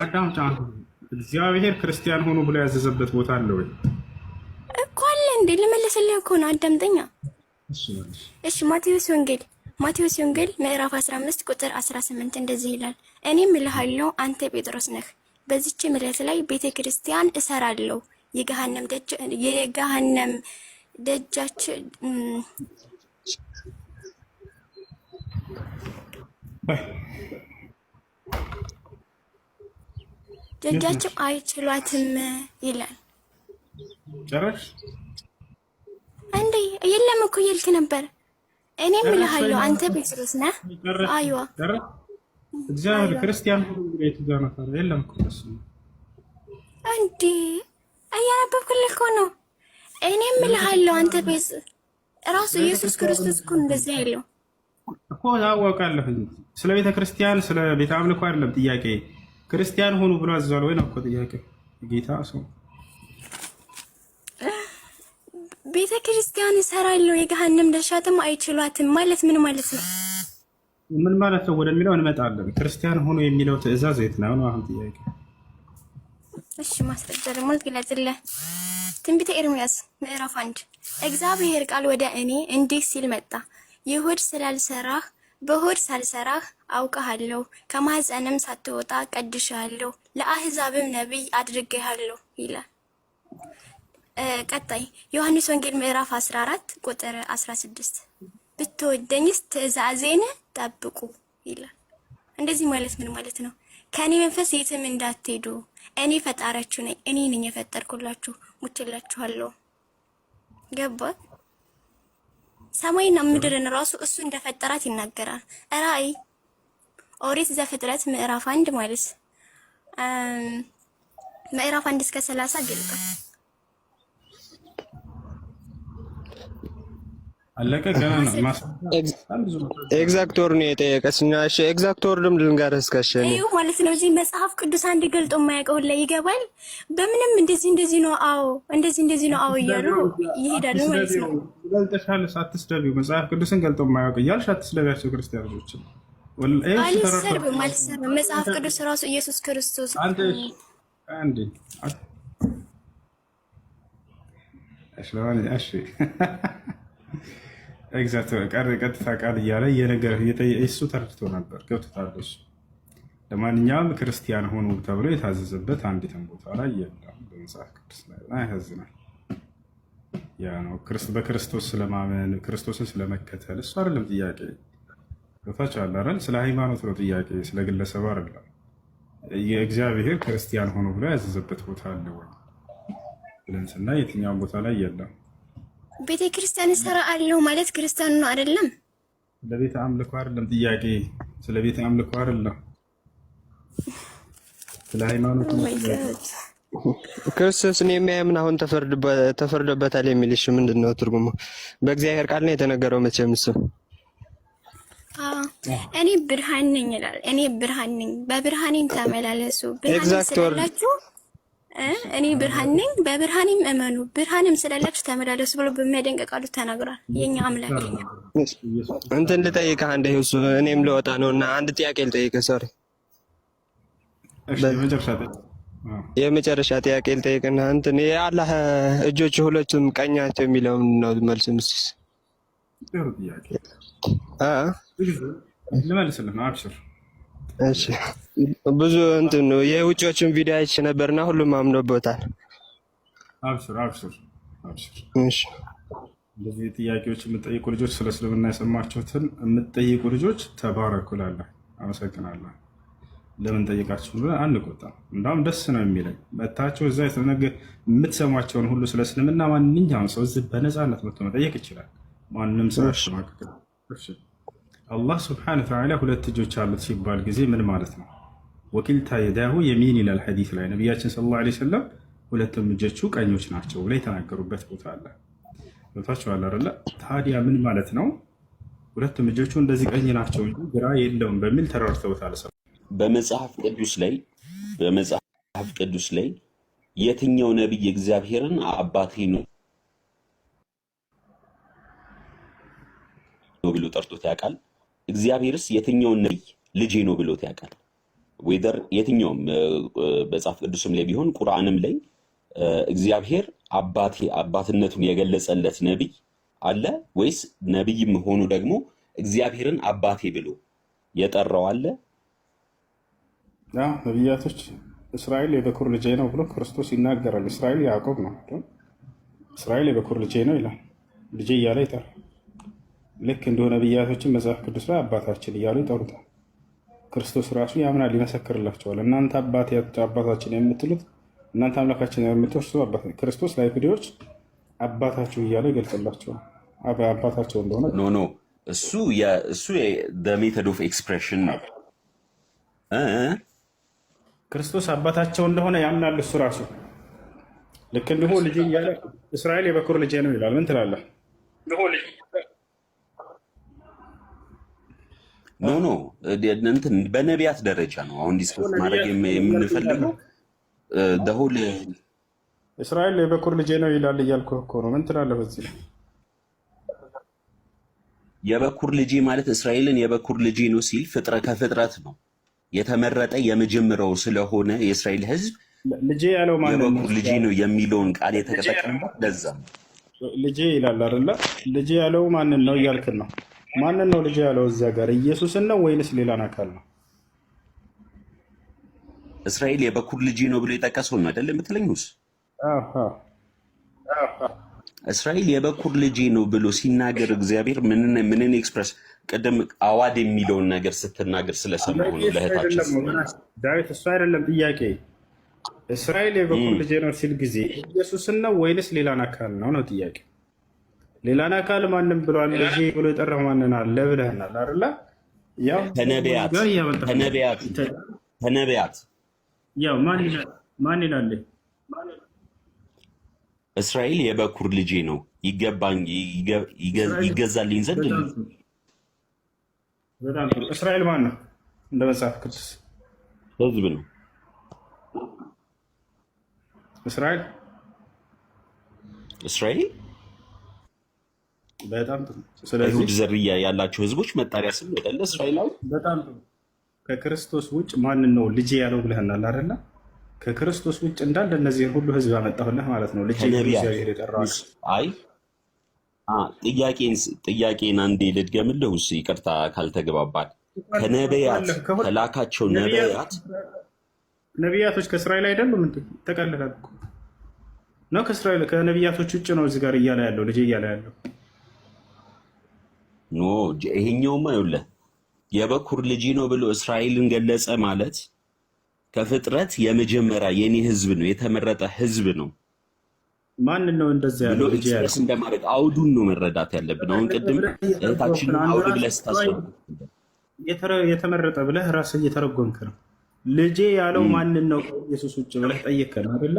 በጣም ጫን እግዚአብሔር ክርስቲያን ሆኖ ብሎ ያዘዘበት ቦታ አለ ወይ እኮ አለ እንዴ? ልመለስልህ እኮ ነው። አዳምጠኛ። እሺ ማቴዎስ ወንጌል ማቴዎስ ወንጌል ምዕራፍ 15 ቁጥር 18 እንደዚህ ይላል፣ እኔም እልሃለሁ አንተ ጴጥሮስ ነህ፣ በዚች ምለት ላይ ቤተ ክርስቲያን እሰራለሁ፣ የገሃነም ደጅ የገሃነም ደጃች ጀጃቸው አይችሏትም ይላል ጨረሽ እንዴ? የለም እኮ እያልክ ነበር። እኔም እልሃለሁ አንተ ጴጥሮስ ነህ። አይዋ እግዚአብሔር ክርስቲያን ሁሉ ቤት ዘመፈረ የለም እኮ እሱ እንዴ፣ እያነበብኩልህ እኮ ነው። እኔም እልሃለሁ አንተ ጴጥ ራሱ ኢየሱስ ክርስቶስ እኮ እንደዚህ ያለው እኮ ታወቃለህ። ስለ ቤተ ክርስቲያን ስለ ቤተ አምልኮ አይደለም ጥያቄ ክርስቲያን ሆኑ ብሎ አዟል ወይ ነው እኮ ጥያቄው። ጌታ ሰው ቤተ ክርስቲያን እሰራለሁ የገሃነም ደርሻትም አይችሏትም ማለት ምን ማለት ነው? ምን ማለት ነው ወደሚለው እንመጣለን። ክርስቲያን ሆኑ የሚለው ትዕዛዝ የት ነው ነው አሁን ጥያቄ። እሺ ማስረጃ ደግሞ ልግለጽልህ። ትንቢተ ኤርምያስ ምዕራፍ አንድ እግዚአብሔር ቃል ወደ እኔ እንዲህ ሲል መጣ፣ የሆድ ስላልሰራህ በሆድ ሳልሰራህ አውቀሃለሁ፣ ከማህፀንም ሳትወጣ ቀድሻለሁ፣ ለአህዛብም ነቢይ አድርጌሃለሁ ይላል። ቀጣይ ዮሐንስ ወንጌል ምዕራፍ 14 ቁጥር 16 ብትወደኝስ ትእዛዜን ጠብቁ ይላል። እንደዚህ ማለት ምን ማለት ነው? ከእኔ መንፈስ የትም እንዳትሄዱ እኔ ፈጣሪያችሁ ነኝ፣ እኔ ነኝ የፈጠርኩላችሁ፣ ሙችላችኋለሁ። ገባ? ሰማይና ምድርን ራሱ እሱ እንደፈጠራት ይናገራል ራእይ ኦሪት ዘፍጥረት ምዕራፍ አንድ ማለት ምዕራፍ አንድ እስከ ሰላሳ ገልጣ አለቀ። ገና ነው። ኤግዛክት ኤግዛክቶር ነው የጠየቀስኛ። እሺ ኤግዛክት ወርድም ልንገርህ እስከሸኒ እዩ ማለት ነው። እዚህ መጽሐፍ ቅዱስ አንድ ገልጦ የማያውቀውን ላይ ይገባል። በምንም እንደዚህ እንደዚህ ነው አዎ፣ እንደዚህ እንደዚህ ነው አዎ እያሉ ይሄዳሉ ማለት ነው። ገልጠሻል፣ አትስደቢው። መጽሐፍ ቅዱስን ገልጦ የማያውቅ እያልሽ አትስደቢያቸው ክርስቲያኖችን አልሰርብም አልሰርብም። መጽሐፍ ቅዱስ ራሱ ኢየሱስ ክርስቶስ ቀጥታ ቃል እያለ እሱ ተረድቶ ነበር፣ ገብቶታል እሱ። ለማንኛውም ክርስቲያን ሆኖ ተብሎ የታዘዘበት አንዲትን ቦታ ላይ የለም በመጽሐፍ ቅዱስ ላይ። ያሳዝናል። ያ ነው በክርስቶስ ስለማመን ክርስቶስን ስለመከተል እሱ አይደለም ጥያቄ ታች አይደል? ስለ ሃይማኖት ነው ጥያቄ፣ ስለ ግለሰብ አይደለም። የእግዚአብሔር ክርስቲያን ሆኖ ብሎ ያዘዘበት ቦታ አለ ወይ ብለን ስናይ የትኛውን ቦታ ላይ የለም። ቤተ ክርስቲያን ሰራ አለው ማለት ክርስቲያን ነው አይደለም። ለቤተ አምልኮ አይደለም ጥያቄ፣ ስለ ቤተ አምልኮ አይደለም፣ ስለ ሃይማኖት ነው። ክርስቶስን የሚያምን አሁን ተፈርዶበታል የሚልሽ ምንድን ነው ትርጉሙ? በእግዚአብሔር ቃል ነው የተነገረው መቼም እሱ እኔ ብርሃን ነኝ ይላል። እኔ ብርሃን ነኝ፣ በብርሃኔም ተመላለሱ። ብርሃን ስላላችሁ እኔ ብርሃን ነኝ፣ በብርሃኔም እመኑ፣ ብርሃንም ስላላችሁ ተመላለሱ ብሎ በሚያደንቅ ቃሉ ተናግሯል። የኛ አምላክ እንትን ልጠይቅህ፣ አንድ እሱ እኔም ልወጣ ነው እና አንድ ጥያቄ ልጠይቅህ። ሶሪ የመጨረሻ ጥያቄ ልጠይቅና እንትን የአላህ እጆች ሁለቱም ቀኛቸው የሚለውን ነው መልስ ምስስ ልመልስልህ ነው አብሽር። እሺ ብዙ እንትን ነው የውጮችን ቪዲዮ አይቼ ነበርና ሁሉም አምኖበታል። አብሽር አብሽር አብሽር። እሺ እንደዚህ ጥያቄዎች የምጠይቁ ልጆች ስለ እስልምና የሰማችሁትን የምጠይቁ ልጆች ተባረኩላለሁ። አመሰግናለሁ። ለምን ጠይቃችሁ ብለን አንቆጣም። እንዳውም ደስ ነው የሚለኝ መታችሁ እዛ የተነገ የምትሰማቸውን ሁሉ ስለ እስልምና ማንኛውም ሰው እዚህ በነፃነት መጥቶ መጠየቅ ይችላል። ማንም ሰው እሺ አላህ ስብሐነ ወተዓላ ሁለት እጆች አሉት ሲባል ጊዜ ምን ማለት ነው? ወኪልታ የዳሁ የሚን ይላል ሐዲስ ላይ ነቢያችን ሰለላሁ ዐለይሂ ወሰለም ሁለቱም እጆቹ ቀኞች ናቸው ብለው የተናገሩበት ቦታ አለ። ገብታችኋል አይደለ? ታዲያ ምን ማለት ነው? ሁለቱም እጆቹ እንደዚህ ቀኝ ናቸው እንጂ ግራ የለውም በሚል ተረድተውታል። በመጽሐፍ ቅዱስ ላይ በመጽሐፍ ቅዱስ ላይ የትኛው ነቢይ እግዚአብሔርን አባቴ ነው ብሎ ጠርቶት ያውቃል? እግዚአብሔርስ የትኛውን ነቢይ ልጄ ነው ብሎት ያውቃል? ወይደር የትኛውም መጽሐፍ ቅዱስም ላይ ቢሆን ቁርአንም ላይ እግዚአብሔር አባቴ አባትነቱን የገለጸለት ነቢይ አለ ወይስ ነቢይም ሆኑ ደግሞ እግዚአብሔርን አባቴ ብሎ የጠራው አለ? ነቢያቶች እስራኤል የበኩር ልጄ ነው ብሎ ክርስቶስ ይናገራል። እስራኤል ያዕቆብ ነው። እስራኤል የበኩር ልጄ ነው ይላል። ልጄ እያለ ይጠራል። ልክ እንደሆነ ብያቶችን መጽሐፍ ቅዱስ ላይ አባታችን እያሉ ይጠሩታል። ክርስቶስ ራሱ ያምናል፣ ይመሰክርላቸዋል። እናንተ አባታችን የምትሉት እናንተ አምላካችን የምትወስ ክርስቶስ ለአይሁዶች አባታችሁ እያለ ይገልጽላቸዋል። አባታቸው እንደሆነ ኖ ኖ እሱ እሱ ሜተድ ኦፍ ኤክስፕሬሽን ነው። ክርስቶስ አባታቸው እንደሆነ ያምናል እሱ ራሱ ልክ እንዲሁ ልጅ እያለ እስራኤል የበኩር ልጄ ነው ይላል። ምን ትላለህ? ኖ ኖ እንትን በነቢያት ደረጃ ነው አሁን ዲስከስ ማድረግ የምንፈልገው። ደሁል እስራኤል የበኩር ልጄ ነው ይላል እያልኩ እኮ ነው። ምን ትላለህ በዚህ ላይ? የበኩር ልጄ ማለት እስራኤልን የበኩር ልጄ ነው ሲል ፍጥረ ከፍጥረት ነው የተመረጠ የመጀመሪያው ስለሆነ የእስራኤል ሕዝብ ልጄ ያለው ማለት የበኩር ልጄ ነው የሚለውን ቃል የተጠቀመበት ለዛ ነው። ልጄ ይላል አይደለ? ልጄ ያለው ማንን ነው እያልክን ነው? ማንን ነው ልጅ ያለው እዚያ ጋር ኢየሱስን ነው ወይንስ ሌላን አካል ነው? እስራኤል የበኩር ልጅ ነው ብሎ የጠቀሰው ነው አይደል የምትለኝ? ውስ እስራኤል የበኩር ልጅ ነው ብሎ ሲናገር እግዚአብሔር ምንን ምንን ኤክስፕረስ ቅድም አዋድ የሚለውን ነገር ስትናገር ስለሰማሁ ነው። ለእህታችን ዳዊት እሱ አይደለም ጥያቄ። እስራኤል የበኩር ልጅ ነው ሲል ጊዜ ኢየሱስን ነው ወይንስ ሌላን አካል ነው ነው ጥያቄ ሌላን አካል ማንም ብሏል እዚ ብሎ የጠራው ማንን አለ ብለህናል አይደለ? ተነቢያት ያው ማን ይላል እስራኤል የበኩር ልጄ ነው ይገባኝ ይገዛልኝ ዘንድ በጣም ጥሩ እስራኤል ማን ነው እንደ መጽሐፍ ቅዱስ ህዝብ ነው እስራኤል እስራኤል በጣም ጥሩ። ስለዚህ ዝርያ ያላቸው ህዝቦች መጣሪያ ስም ይደለ እስራኤላዊ። በጣም ጥሩ። ከክርስቶስ ውጭ ማንን ነው ልጅ ያለው ብለህናል አይደለ? ከክርስቶስ ውጭ እንዳለ እነዚህን ሁሉ ህዝብ ያመጣሁልህ ማለት ነው። ልጅ እግዚአብሔር አይ ጥያቄን ጥያቄን አንዴ ልድገምልህ፣ ውስ ይቅርታ ካልተግባባል። ከነቢያት ከላካቸው ነቢያት ነቢያቶች ከእስራኤል አይደሉም? ምን ተቀልላል ነው ከእስራኤል ከነቢያቶች ውጭ ነው እዚህ ጋር እያለ ያለው ልጅ እያለ ያለው ኖ ይሄኛውማ ይኸውልህ የበኩር ልጅ ነው ብሎ እስራኤልን ገለጸ ማለት ከፍጥረት የመጀመሪያ የኔ ህዝብ ነው የተመረጠ ህዝብ ነው። ማን ነው እንደዚህ ያለ ልጅ ያለው እንደማለት አውዱን ነው መረዳት ያለብን። አሁን ቅድም እህታችንን አውድ ብለህ ስታስበው የተመረጠ ብለህ ራስ እየተረጎምክ ነው። ልጄ ያለው ማንን ነው? ኢየሱስ ውጭ ብለህ ጠየቅከን አይደለ?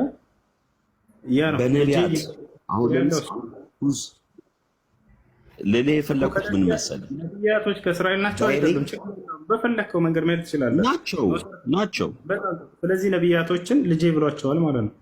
ያ ነው በነቢያት አሁን ልሌ የፈለኩት ምን መሰለህ፣ ነቢያቶች ከእስራኤል ናቸው አይደሉም? በፈለግከው መንገድ መሄድ ትችላለህ። ናቸው ናቸው። ስለዚህ ነቢያቶችን ልጄ ብሏቸዋል ማለት ነው።